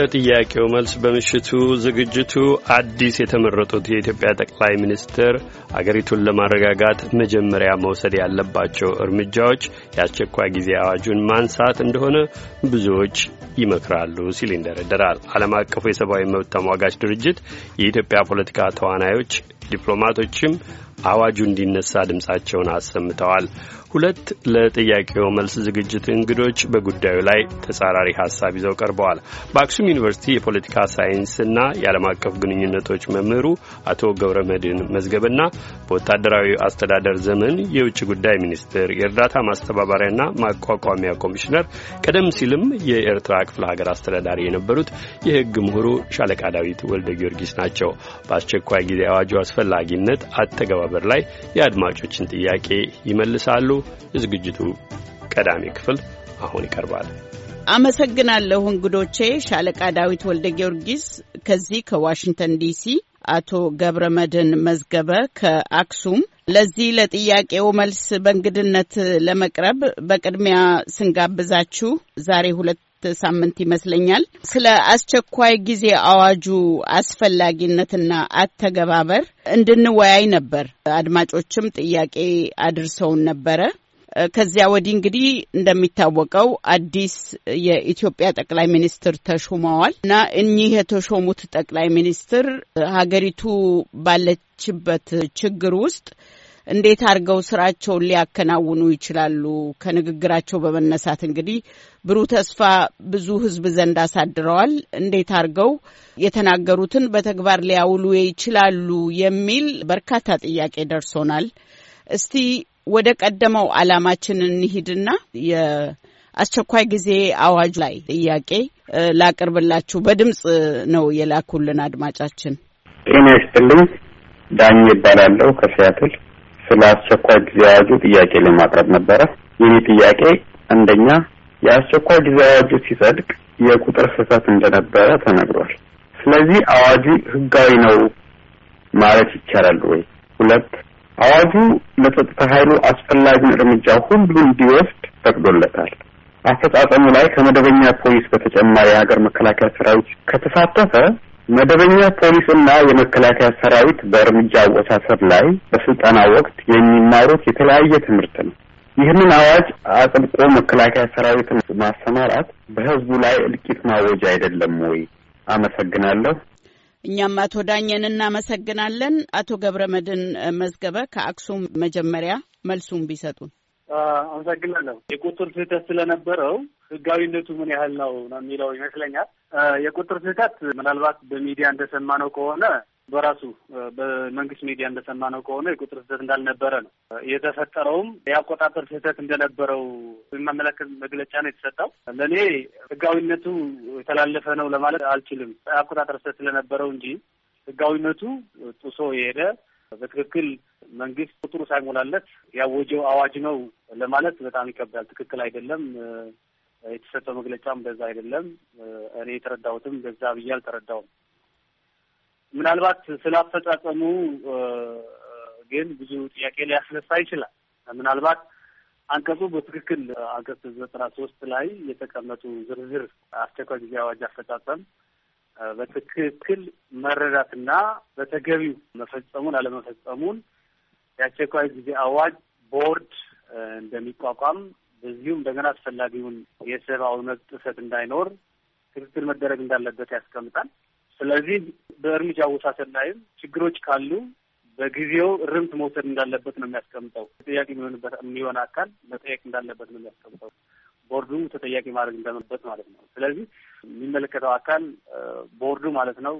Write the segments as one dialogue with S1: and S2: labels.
S1: ለጥያቄው መልስ በምሽቱ ዝግጅቱ አዲስ የተመረጡት የኢትዮጵያ ጠቅላይ ሚኒስትር አገሪቱን ለማረጋጋት መጀመሪያ መውሰድ ያለባቸው እርምጃዎች የአስቸኳይ ጊዜ አዋጁን ማንሳት እንደሆነ ብዙዎች ይመክራሉ ሲል ይንደረደራል። ዓለም አቀፉ የሰብአዊ መብት ተሟጋች ድርጅት የኢትዮጵያ ፖለቲካ ተዋናዮች ዲፕሎማቶችም አዋጁ እንዲነሳ ድምፃቸውን አሰምተዋል። ሁለት ለጥያቄው መልስ ዝግጅት እንግዶች በጉዳዩ ላይ ተጻራሪ ሀሳብ ይዘው ቀርበዋል። በአክሱም ዩኒቨርሲቲ የፖለቲካ ሳይንስና የዓለም አቀፍ ግንኙነቶች መምህሩ አቶ ገብረ መድህን መዝገብና በወታደራዊ አስተዳደር ዘመን የውጭ ጉዳይ ሚኒስትር የእርዳታ ማስተባበሪያና ማቋቋሚያ ኮሚሽነር ቀደም ሲልም የኤርትራ ክፍለ ሀገር አስተዳዳሪ የነበሩት የህግ ምሁሩ ሻለቃ ዳዊት ወልደ ጊዮርጊስ ናቸው። በአስቸኳይ ጊዜ አዋጁ አስፈላጊነት አተገባበር ላይ የአድማጮችን ጥያቄ ይመልሳሉ። የዝግጅቱ ቀዳሚ ክፍል አሁን ይቀርባል።
S2: አመሰግናለሁ እንግዶቼ ሻለቃ ዳዊት ወልደ ጊዮርጊስ ከዚህ ከዋሽንግተን ዲሲ፣ አቶ ገብረ መድህን መዝገበ ከአክሱም ለዚህ ለጥያቄው መልስ በእንግድነት ለመቅረብ በቅድሚያ ስንጋብዛችሁ ዛሬ ሁለት ሳምንት ይመስለኛል ስለ አስቸኳይ ጊዜ አዋጁ አስፈላጊነትና አተገባበር እንድንወያይ ነበር። አድማጮችም ጥያቄ አድርሰውን ነበረ። ከዚያ ወዲህ እንግዲህ እንደሚታወቀው አዲስ የኢትዮጵያ ጠቅላይ ሚኒስትር ተሹመዋል እና እኚህ የተሾሙት ጠቅላይ ሚኒስትር ሀገሪቱ ባለችበት ችግር ውስጥ እንዴት አድርገው ስራቸውን ሊያከናውኑ ይችላሉ? ከንግግራቸው በመነሳት እንግዲህ ብሩህ ተስፋ ብዙ ህዝብ ዘንድ አሳድረዋል። እንዴት አድርገው የተናገሩትን በተግባር ሊያውሉ ይችላሉ የሚል በርካታ ጥያቄ ደርሶናል። እስቲ ወደ ቀደመው አላማችን እንሂድና የአስቸኳይ ጊዜ አዋጅ ላይ ጥያቄ ላቅርብላችሁ። በድምፅ ነው የላኩልን አድማጫችን።
S3: ጤና ይስጥልኝ። ዳኝ ይባላለሁ ከሲያትል ስለ አስቸኳይ ጊዜ አዋጁ ጥያቄ ለማቅረብ ነበረ። የኔ ጥያቄ አንደኛ የአስቸኳይ ጊዜ አዋጁ ሲጸድቅ የቁጥር ስህተት እንደነበረ ተነግሯል። ስለዚህ አዋጁ ህጋዊ ነው ማለት ይቻላል ወይ? ሁለት አዋጁ ለጸጥታ ኃይሉ አስፈላጊውን እርምጃ ሁሉ እንዲወስድ ፈቅዶለታል። አፈጻጸሙ ላይ ከመደበኛ ፖሊስ በተጨማሪ የሀገር መከላከያ ሰራዊት ከተሳተፈ መደበኛ ፖሊስ እና የመከላከያ ሰራዊት በእርምጃ አወሳሰብ ላይ በስልጠና ወቅት የሚማሩት የተለያየ ትምህርት ነው። ይህንን አዋጅ አጥብቆ መከላከያ ሰራዊትን ማሰማራት በህዝቡ ላይ እልቂት ማወጅ አይደለም ወይ? አመሰግናለሁ።
S2: እኛም አቶ ዳኘን እናመሰግናለን። አቶ ገብረ መድን መዝገበ ከአክሱም መጀመሪያ መልሱን ቢሰጡን።
S3: አመሰግናለሁ። የቁጥር ስህተት ስለነበረው ህጋዊነቱ ምን ያህል ነው ነው የሚለው ይመስለኛል የቁጥር ስህተት ምናልባት በሚዲያ እንደሰማነው ከሆነ በራሱ በመንግስት ሚዲያ እንደሰማነው ከሆነ የቁጥር ስህተት እንዳልነበረ ነው የተፈጠረውም የአቆጣጠር ስህተት እንደነበረው የማመለከት መግለጫ ነው የተሰጠው። ለእኔ ህጋዊነቱ የተላለፈ ነው ለማለት አልችልም። የአቆጣጠር ስህተት ስለነበረው እንጂ ህጋዊነቱ ጥሶ የሄደ በትክክል መንግስት ቁጥሩ ሳይሞላለት ያወጀው አዋጅ ነው ለማለት በጣም ይከብዳል። ትክክል አይደለም። የተሰጠው መግለጫም በዛ አይደለም። እኔ የተረዳሁትም በዛ ብዬ አልተረዳውም። ምናልባት ስላፈጻጸሙ ግን ብዙ ጥያቄ ሊያስነሳ ይችላል። ምናልባት አንቀጹ በትክክል አንቀጽ ዘጠና ሶስት ላይ የተቀመጡ ዝርዝር አስቸኳይ ጊዜ አዋጅ አፈጻጸም በትክክል መረዳትና በተገቢው መፈጸሙን አለመፈጸሙን የአስቸኳይ ጊዜ አዋጅ ቦርድ እንደሚቋቋም በዚሁ እንደገና አስፈላጊውን የሰብአዊ መብት ጥሰት እንዳይኖር ክትትል መደረግ እንዳለበት ያስቀምጣል። ስለዚህ በእርምጃ አወሳሰድ ላይም ችግሮች ካሉ በጊዜው እርምት መውሰድ እንዳለበት ነው የሚያስቀምጠው። ተጠያቂ የሚሆንበት የሚሆን አካል መጠየቅ እንዳለበት ነው የሚያስቀምጠው። ቦርዱ ተጠያቂ ማድረግ እንዳለበት ማለት ነው። ስለዚህ የሚመለከተው አካል ቦርዱ ማለት ነው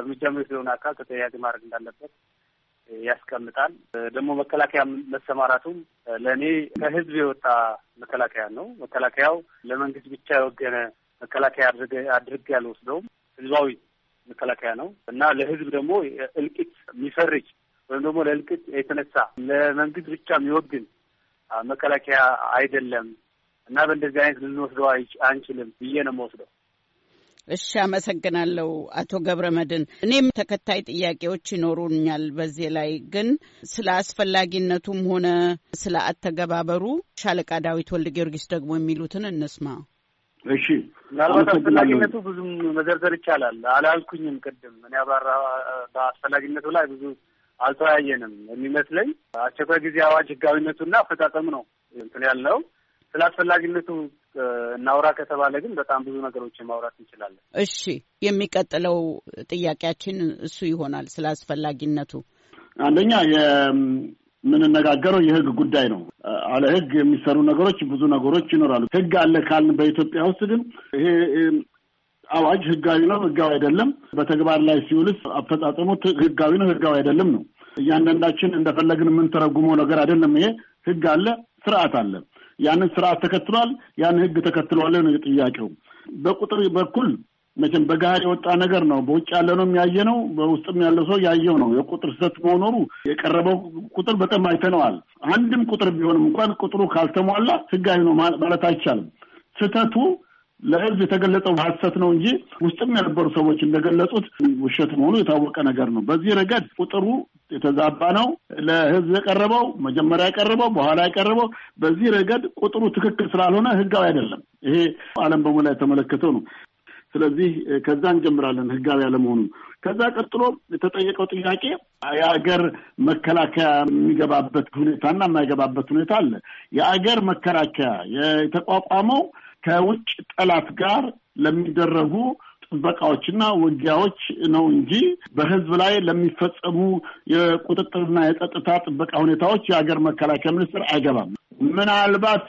S3: እርምጃ የሚወስደውን አካል ተጠያቂ ማድረግ እንዳለበት ያስቀምጣል። ደግሞ መከላከያ መሰማራቱም ለእኔ ከህዝብ የወጣ መከላከያ ነው። መከላከያው ለመንግስት ብቻ የወገነ መከላከያ አድርግ ያልወስደውም ህዝባዊ መከላከያ ነው እና ለህዝብ ደግሞ እልቂት የሚፈርጅ ወይም ደግሞ ለእልቂት የተነሳ ለመንግስት ብቻ የሚወግን መከላከያ አይደለም እና በእንደዚህ አይነት ልንወስደው አንችልም ብዬ ነው የምወስደው።
S2: እሺ፣ አመሰግናለሁ አቶ ገብረ መድን። እኔም ተከታይ ጥያቄዎች ይኖሩኛል። በዚህ ላይ ግን ስለ አስፈላጊነቱም ሆነ ስለ አተገባበሩ ሻለቃ ዳዊት ወልድ ጊዮርጊስ ደግሞ የሚሉትን እንስማ።
S3: እሺ፣ ምናልባት አስፈላጊነቱ ብዙም መዘርዘር ይቻላል። አላልኩኝም ቅድም እኔ አባራ በአስፈላጊነቱ ላይ ብዙ አልተወያየንም። የሚመስለኝ አስቸኳይ ጊዜ አዋጅ ህጋዊነቱና አፈጻጸሙ ነው እንትን ያልነው ስለ አስፈላጊነቱ እናውራ ከተባለ ግን በጣም ብዙ ነገሮችን ማውራት እንችላለን።
S2: እሺ፣ የሚቀጥለው ጥያቄያችን እሱ ይሆናል። ስለ አስፈላጊነቱ አንደኛ
S3: የምንነጋገረው
S4: የህግ ጉዳይ ነው። አለ ህግ የሚሰሩ ነገሮች ብዙ ነገሮች ይኖራሉ። ህግ አለ ካልን በኢትዮጵያ ውስጥ ግን ይሄ አዋጅ ህጋዊ ነው፣ ህጋዊ አይደለም፣ በተግባር ላይ ሲውልስ አፈጻጸሙ ህጋዊ ነው፣ ህጋዊ አይደለም ነው። እያንዳንዳችን እንደፈለግን የምንተረጉመው ነገር አይደለም። ይሄ ህግ አለ፣ ስርዓት አለ። ያንን ስርዓት ተከትሏል፣ ያንን ህግ ተከትሏል ነው ጥያቄው። በቁጥር በኩል መቼም በገሃድ የወጣ ነገር ነው። በውጭ ያለ ነው ያየ ነው፣ በውስጥም ያለ ሰው ያየው ነው። የቁጥር ስህተት መኖሩ የቀረበው ቁጥር በጣም አይተነዋል። አንድም ቁጥር ቢሆንም እንኳን ቁጥሩ ካልተሟላ ህጋዊ ነው ማለት አይቻልም። ስህተቱ ለህዝብ የተገለጸው ሀሰት ነው እንጂ ውስጥም የነበሩ ሰዎች እንደገለጹት ውሸት መሆኑ የታወቀ ነገር ነው። በዚህ ረገድ ቁጥሩ የተዛባ ነው። ለህዝብ የቀረበው መጀመሪያ የቀረበው በኋላ የቀረበው በዚህ ረገድ ቁጥሩ ትክክል ስላልሆነ ህጋዊ አይደለም። ይሄ ዓለም በሙላ የተመለከተው ነው። ስለዚህ ከዛ እንጀምራለን ህጋዊ አለመሆኑ። ከዛ ቀጥሎ የተጠየቀው ጥያቄ የአገር መከላከያ የሚገባበት ሁኔታና የማይገባበት ሁኔታ አለ። የአገር መከላከያ የተቋቋመው ከውጭ ጠላት ጋር ለሚደረጉ ጥበቃዎችና ውጊያዎች ነው እንጂ በህዝብ ላይ ለሚፈጸሙ የቁጥጥርና የጸጥታ ጥበቃ ሁኔታዎች የሀገር መከላከያ ሚኒስትር አይገባም። ምናልባት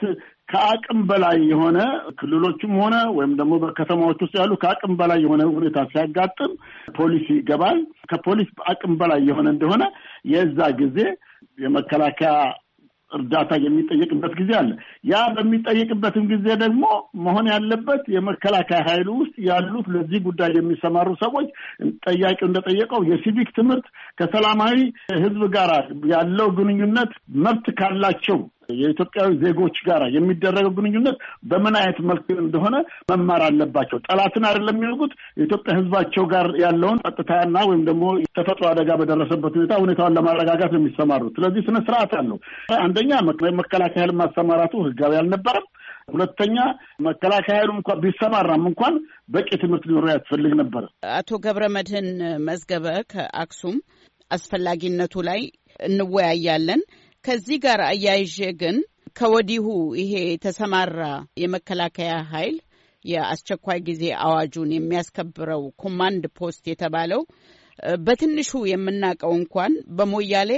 S4: ከአቅም በላይ የሆነ ክልሎችም ሆነ ወይም ደግሞ በከተማዎች ውስጥ ያሉ ከአቅም በላይ የሆነ ሁኔታ ሲያጋጥም ፖሊስ ይገባል። ከፖሊስ አቅም በላይ የሆነ እንደሆነ የዛ ጊዜ የመከላከያ እርዳታ የሚጠየቅበት ጊዜ አለ። ያ በሚጠየቅበትም ጊዜ ደግሞ መሆን ያለበት የመከላከያ ኃይሉ ውስጥ ያሉት ለዚህ ጉዳይ የሚሰማሩ ሰዎች ጠያቂው እንደጠየቀው የሲቪክ ትምህርት ከሰላማዊ ሕዝብ ጋር ያለው ግንኙነት መብት ካላቸው የኢትዮጵያዊ ዜጎች ጋር የሚደረገው ግንኙነት በምን አይነት መልክ እንደሆነ መማር አለባቸው። ጠላትን አይደለም የሚወጉት የኢትዮጵያ ሕዝባቸው ጋር ያለውን ጸጥታና ወይም ደግሞ ተፈጥሮ አደጋ በደረሰበት ሁኔታ ሁኔታውን ለማረጋጋት ነው የሚሰማሩት። ስለዚህ ስነ ስርዓት አለው። አንደኛ መከላከያ ኃይል ማሰማራቱ ህጋዊ አልነበረም። ሁለተኛ መከላከያ ኃይሉ እንኳን ቢሰማራም እንኳን በቂ ትምህርት ሊኖረው ያስፈልግ ነበር።
S2: አቶ ገብረ መድህን መዝገበ ከአክሱም አስፈላጊነቱ ላይ እንወያያለን። ከዚህ ጋር አያይዤ ግን ከወዲሁ ይሄ የተሰማራ የመከላከያ ኃይል የአስቸኳይ ጊዜ አዋጁን የሚያስከብረው ኮማንድ ፖስት የተባለው በትንሹ የምናውቀው እንኳን በሞያሌ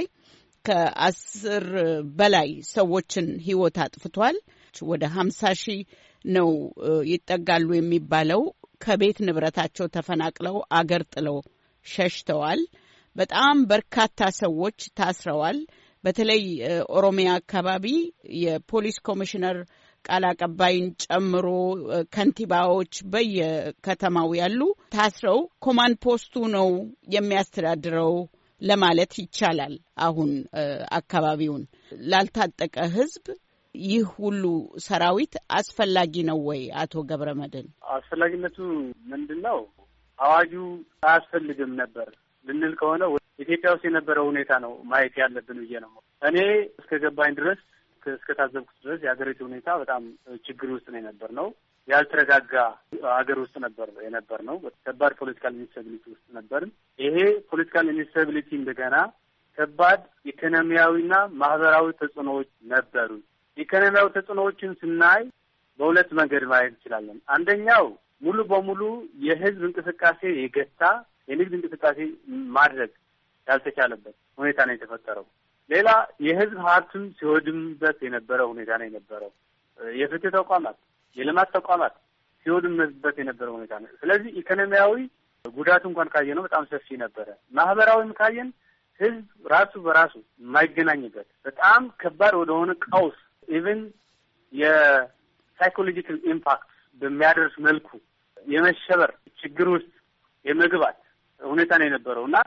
S2: ከአስር በላይ ሰዎችን ሕይወት አጥፍቷል። ወደ ሀምሳ ሺህ ነው ይጠጋሉ የሚባለው ከቤት ንብረታቸው ተፈናቅለው አገር ጥለው ሸሽተዋል። በጣም በርካታ ሰዎች ታስረዋል። በተለይ ኦሮሚያ አካባቢ የፖሊስ ኮሚሽነር ቃል አቀባይን ጨምሮ ከንቲባዎች በየከተማው ያሉ ታስረው ኮማንድ ፖስቱ ነው የሚያስተዳድረው ለማለት ይቻላል። አሁን አካባቢውን ላልታጠቀ ህዝብ ይህ ሁሉ ሰራዊት አስፈላጊ ነው ወይ? አቶ ገብረ መድን፣
S3: አስፈላጊነቱ ምንድን ነው? አዋጁ አያስፈልግም ነበር ልንል ከሆነ ኢትዮጵያ ውስጥ የነበረው ሁኔታ ነው ማየት ያለብን ብዬ ነው። እኔ እስከ ገባኝ ድረስ እስከ ታዘብኩት ድረስ የሀገሪቱ ሁኔታ በጣም ችግር ውስጥ ነው የነበር ነው ያልተረጋጋ ሀገር ውስጥ ነበር የነበር ነው። ከባድ ፖለቲካል ኢንስታቢሊቲ ውስጥ ነበርን። ይሄ ፖለቲካል ኢንስታቢሊቲ እንደገና ከባድ ኢኮኖሚያዊና ማህበራዊ ተጽዕኖዎች ነበሩ። ኢኮኖሚያዊ ተጽዕኖዎችን ስናይ በሁለት መንገድ ማየት እንችላለን። አንደኛው ሙሉ በሙሉ የህዝብ እንቅስቃሴ የገታ የንግድ እንቅስቃሴ ማድረግ ያልተቻለበት ሁኔታ ነው የተፈጠረው። ሌላ የህዝብ ሀብትም ሲወድምበት የነበረው ሁኔታ ነው የነበረው። የፍትህ ተቋማት፣ የልማት ተቋማት ሲወድምበት የነበረው ሁኔታ ነው። ስለዚህ ኢኮኖሚያዊ ጉዳቱ እንኳን ካየ ነው በጣም ሰፊ ነበረ። ማህበራዊም ካየን ህዝብ ራሱ በራሱ የማይገናኝበት በጣም ከባድ ወደሆነ ቀውስ ኢቨን የሳይኮሎጂካል ኢምፓክት በሚያደርስ መልኩ የመሸበር ችግር ውስጥ የመግባት ሁኔታ ነው የነበረው እና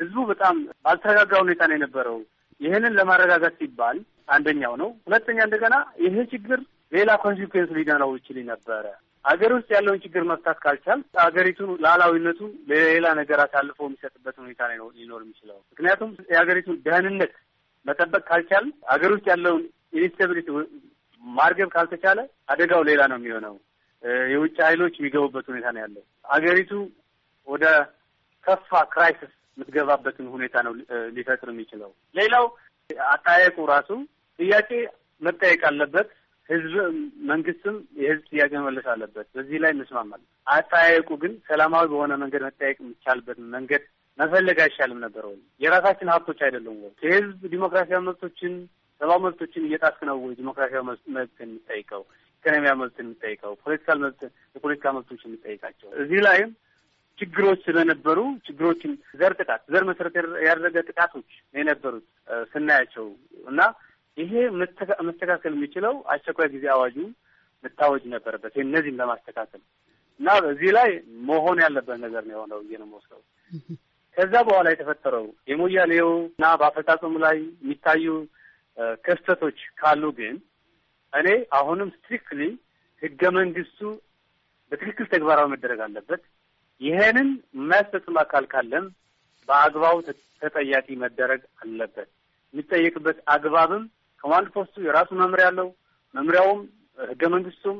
S3: ህዝቡ በጣም ባልተረጋጋ ሁኔታ ነው የነበረው። ይህንን ለማረጋጋት ሲባል አንደኛው ነው። ሁለተኛ እንደገና ይሄ ችግር ሌላ ኮንሲኩዌንስ ሊገናው ይችል ነበረ። አገር ውስጥ ያለውን ችግር መፍታት ካልቻል አገሪቱ ሉዓላዊነቱ ለሌላ ነገር አሳልፎ የሚሰጥበት ሁኔታ ሊኖር የሚችለው ምክንያቱም የሀገሪቱን ደህንነት መጠበቅ ካልቻል አገር ውስጥ ያለውን ኢንስታቢሊቲ ማርገብ ካልተቻለ አደጋው ሌላ ነው የሚሆነው። የውጭ ኃይሎች የሚገቡበት ሁኔታ ነው ያለው። አገሪቱ ወደ ከፋ ክራይሲስ የምትገባበትን ሁኔታ ነው ሊፈጥር የሚችለው። ሌላው አጠያየቁ ራሱ ጥያቄ መጠየቅ አለበት። ህዝብ መንግስትም የህዝብ ጥያቄ መመለስ አለበት። በዚህ ላይ እንስማማለን። አጠያየቁ ግን ሰላማዊ በሆነ መንገድ መጠየቅ የሚቻልበት መንገድ መፈለግ አይሻልም ነበር ወይ? የራሳችን ሀብቶች አይደለም ወይ? የህዝብ ዲሞክራሲያዊ መብቶችን ሰብአዊ መብቶችን እየጣስክ ነው ወይ? ዲሞክራሲያዊ መብት የሚጠይቀው ኢኮኖሚያዊ መብት የሚጠይቀው ፖለቲካል መብት የፖለቲካ መብቶች የሚጠይቃቸው እዚህ ላይም ችግሮች ስለነበሩ ችግሮችን ዘር ጥቃት ዘር መሰረት ያደረገ ጥቃቶች የነበሩት ስናያቸው እና ይሄ መስተካከል የሚችለው አስቸኳይ ጊዜ አዋጁ መታወጅ ነበረበት። እነዚህም ለማስተካከል እና በዚህ ላይ መሆን ያለበት ነገር ነው የሆነው ብዬ ነው የምወስደው። ከዛ በኋላ የተፈጠረው የሞያሌው እና በአፈጻጸሙ ላይ የሚታዩ ክፍተቶች ካሉ ግን እኔ አሁንም ስትሪክትሊ ህገ መንግስቱ በትክክል ተግባራዊ መደረግ አለበት። ይህንን የማያስፈጽም አካል ካለም በአግባቡ ተጠያቂ መደረግ አለበት። የሚጠየቅበት አግባብም ኮማንድ ፖስቱ የራሱ መምሪያ አለው። መምሪያውም ህገ መንግስቱም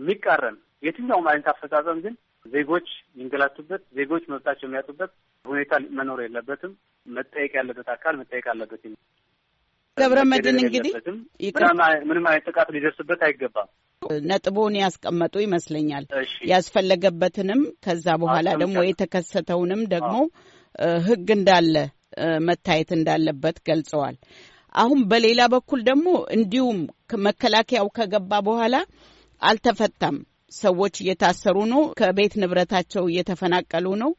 S3: የሚቃረን የትኛውም አይነት አፈጻጸም ግን ዜጎች የሚንገላቱበት፣ ዜጎች መብታቸው የሚያጡበት ሁኔታ መኖር የለበትም። መጠየቅ ያለበት አካል መጠየቅ አለበት።
S2: ገብረ መድን እንግዲህ
S3: ምንም አይነት ጥቃት ሊደርስበት አይገባም።
S2: ነጥቦን ያስቀመጡ ይመስለኛል። ያስፈለገበትንም ከዛ በኋላ ደግሞ የተከሰተውንም ደግሞ ህግ እንዳለ መታየት እንዳለበት ገልጸዋል። አሁን በሌላ በኩል ደግሞ እንዲሁም መከላከያው ከገባ በኋላ አልተፈታም። ሰዎች እየታሰሩ ነው፣ ከቤት ንብረታቸው እየተፈናቀሉ ነው፣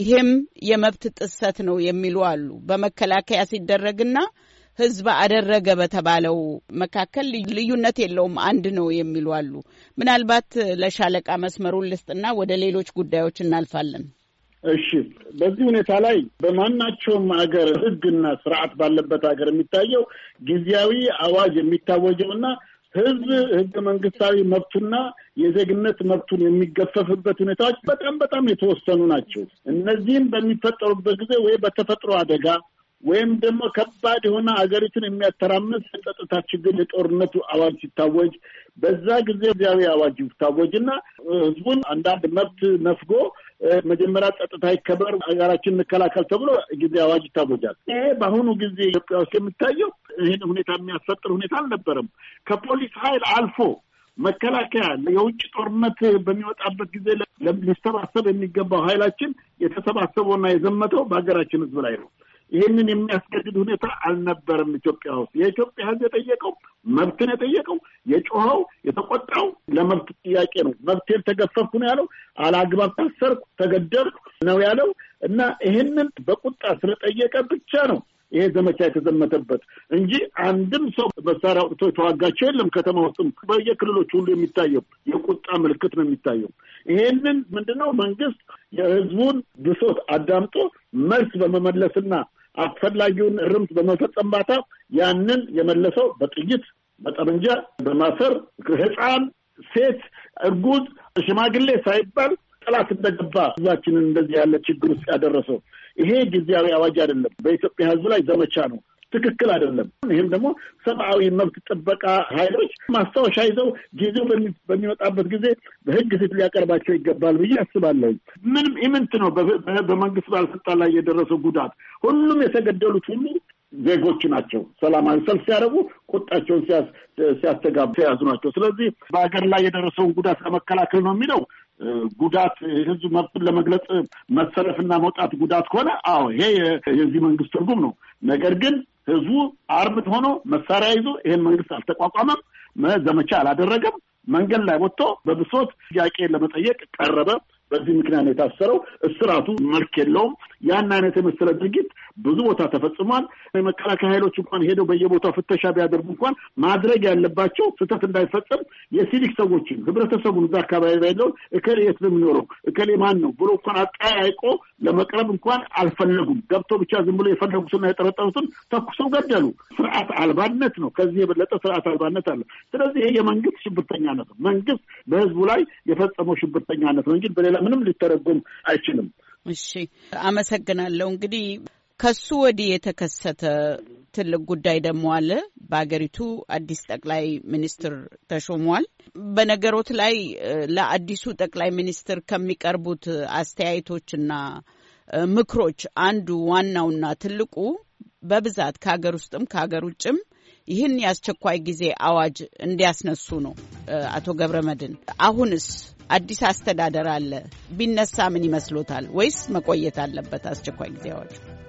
S2: ይሄም የመብት ጥሰት ነው የሚሉ አሉ። በመከላከያ ሲደረግና ህዝብ አደረገ በተባለው መካከል ልዩነት የለውም፣ አንድ ነው የሚሉ አሉ። ምናልባት ለሻለቃ መስመሩን ልስጥና ወደ ሌሎች ጉዳዮች እናልፋለን።
S4: እሺ፣ በዚህ ሁኔታ ላይ በማናቸውም ሀገር ህግና ስርዓት ባለበት ሀገር የሚታየው ጊዜያዊ አዋጅ የሚታወጀው ና ህዝብ ህገ መንግስታዊ መብቱና የዜግነት መብቱን የሚገፈፍበት ሁኔታዎች በጣም በጣም የተወሰኑ ናቸው። እነዚህም በሚፈጠሩበት ጊዜ ወይ በተፈጥሮ አደጋ ወይም ደግሞ ከባድ የሆነ አገሪቱን የሚያተራምስ የጸጥታ ችግር የጦርነቱ አዋጅ ሲታወጅ በዛ ጊዜ ጊዜያዊ አዋጅ ይታወጅና ህዝቡን አንዳንድ መብት ነፍጎ መጀመሪያ ጸጥታ ይከበር፣ ሀገራችን እንከላከል ተብሎ ጊዜ አዋጅ ይታወጃል። ይሄ በአሁኑ ጊዜ ኢትዮጵያ ውስጥ የሚታየው ይህን ሁኔታ የሚያስፈጥር ሁኔታ አልነበረም። ከፖሊስ ኃይል አልፎ መከላከያ የውጭ ጦርነት በሚወጣበት ጊዜ ሊሰባሰብ የሚገባው ኃይላችን የተሰባሰበውና የዘመተው በሀገራችን ህዝብ ላይ ነው። ይህንን የሚያስገድድ ሁኔታ አልነበረም ኢትዮጵያ ውስጥ። የኢትዮጵያ ሕዝብ የጠየቀው መብትን የጠየቀው የጮኸው የተቆጣው ለመብት ጥያቄ ነው። መብቴን ተገፈፍኩ ነው ያለው። አላግባብ ታሰርኩ፣ ተገደልኩ ነው ያለው እና ይህንን በቁጣ ስለጠየቀ ብቻ ነው ይሄ ዘመቻ የተዘመተበት እንጂ አንድም ሰው መሳሪያ አውጥቶ የተዋጋቸው የለም። ከተማ ውስጥም በየክልሎች ሁሉ የሚታየው የቁጣ ምልክት ነው የሚታየው። ይሄንን ምንድነው መንግስት የህዝቡን ብሶት አዳምጦ መልስ በመመለስና አስፈላጊውን እርምት በመፈጸም ባታ ያንን የመለሰው በጥይት በጠመንጃ በማሰር ህፃን፣ ሴት፣ እርጉዝ፣ ሽማግሌ ሳይባል ጠላት እንደገባ ህዝባችንን እንደዚህ ያለ ችግር ውስጥ ያደረሰው ይሄ ጊዜያዊ አዋጅ አይደለም። በኢትዮጵያ ህዝብ ላይ ዘመቻ ነው። ትክክል አይደለም። ይህም ደግሞ ሰብአዊ መብት ጥበቃ ኃይሎች ማስታወሻ ይዘው ጊዜው በሚመጣበት ጊዜ በህግ ፊት ሊያቀርባቸው ይገባል ብዬ አስባለሁ። ምንም ኢምንት ነው በመንግስት ባለስልጣን ላይ የደረሰው ጉዳት። ሁሉም የተገደሉት ሁሉ ዜጎች ናቸው። ሰላማዊ ሰልፍ ሲያደርጉ ቁጣቸውን ሲያስተጋቡ የያዙ ናቸው። ስለዚህ በሀገር ላይ የደረሰውን ጉዳት ለመከላከል ነው የሚለው ጉዳት የህዝብ መብትን ለመግለጽ መሰረፍና መውጣት ጉዳት ከሆነ አዎ ይሄ የዚህ መንግስት ትርጉም ነው። ነገር ግን ህዝቡ አርምድ ሆኖ መሳሪያ ይዞ ይህን መንግስት አልተቋቋመም፣ ዘመቻ አላደረገም። መንገድ ላይ ወጥቶ በብሶት ጥያቄ ለመጠየቅ ቀረበ። በዚህ ምክንያት ነው የታሰረው። እስራቱ መልክ የለውም። ያን አይነት የመሰለ ድርጊት ብዙ ቦታ ተፈጽሟል። የመከላከያ ኃይሎች እንኳን ሄደው በየቦታው ፍተሻ ቢያደርጉ እንኳን ማድረግ ያለባቸው ስህተት እንዳይፈጸም የሲቪክ ሰዎችን ህብረተሰቡን፣ እዛ አካባቢ ያለውን እከሌ የት ነው የሚኖረው እከሌ ማን ነው ብሎ እንኳን አጠያይቆ ለመቅረብ እንኳን አልፈለጉም። ገብቶ ብቻ ዝም ብሎ የፈለጉትና የጠረጠሩትን ተኩሰው ገደሉ። ስርዓት አልባነት ነው። ከዚህ የበለጠ ስርዓት አልባነት አለ። ስለዚህ ይሄ የመንግስት ሽብርተኛነት ነው። መንግስት በህዝቡ ላይ የፈጸመው ሽብርተኛነት ነው እንጂ በሌላ ምንም ሊተረጎም አይችልም።
S2: እሺ አመሰግናለሁ። እንግዲህ ከሱ ወዲህ የተከሰተ ትልቅ ጉዳይ ደግሞ አለ። በሀገሪቱ አዲስ ጠቅላይ ሚኒስትር ተሾሟል። በነገሮት ላይ ለአዲሱ ጠቅላይ ሚኒስትር ከሚቀርቡት አስተያየቶችና ምክሮች አንዱ ዋናውና ትልቁ በብዛት ከሀገር ውስጥም ከሀገር ውጭም ይህን የአስቸኳይ ጊዜ አዋጅ እንዲያስነሱ ነው። አቶ ገብረ መድን አሁንስ አዲስ አስተዳደር አለ ቢነሳ ምን ይመስሎታል? ወይስ መቆየት አለበት አስቸኳይ ጊዜ አዋጅ?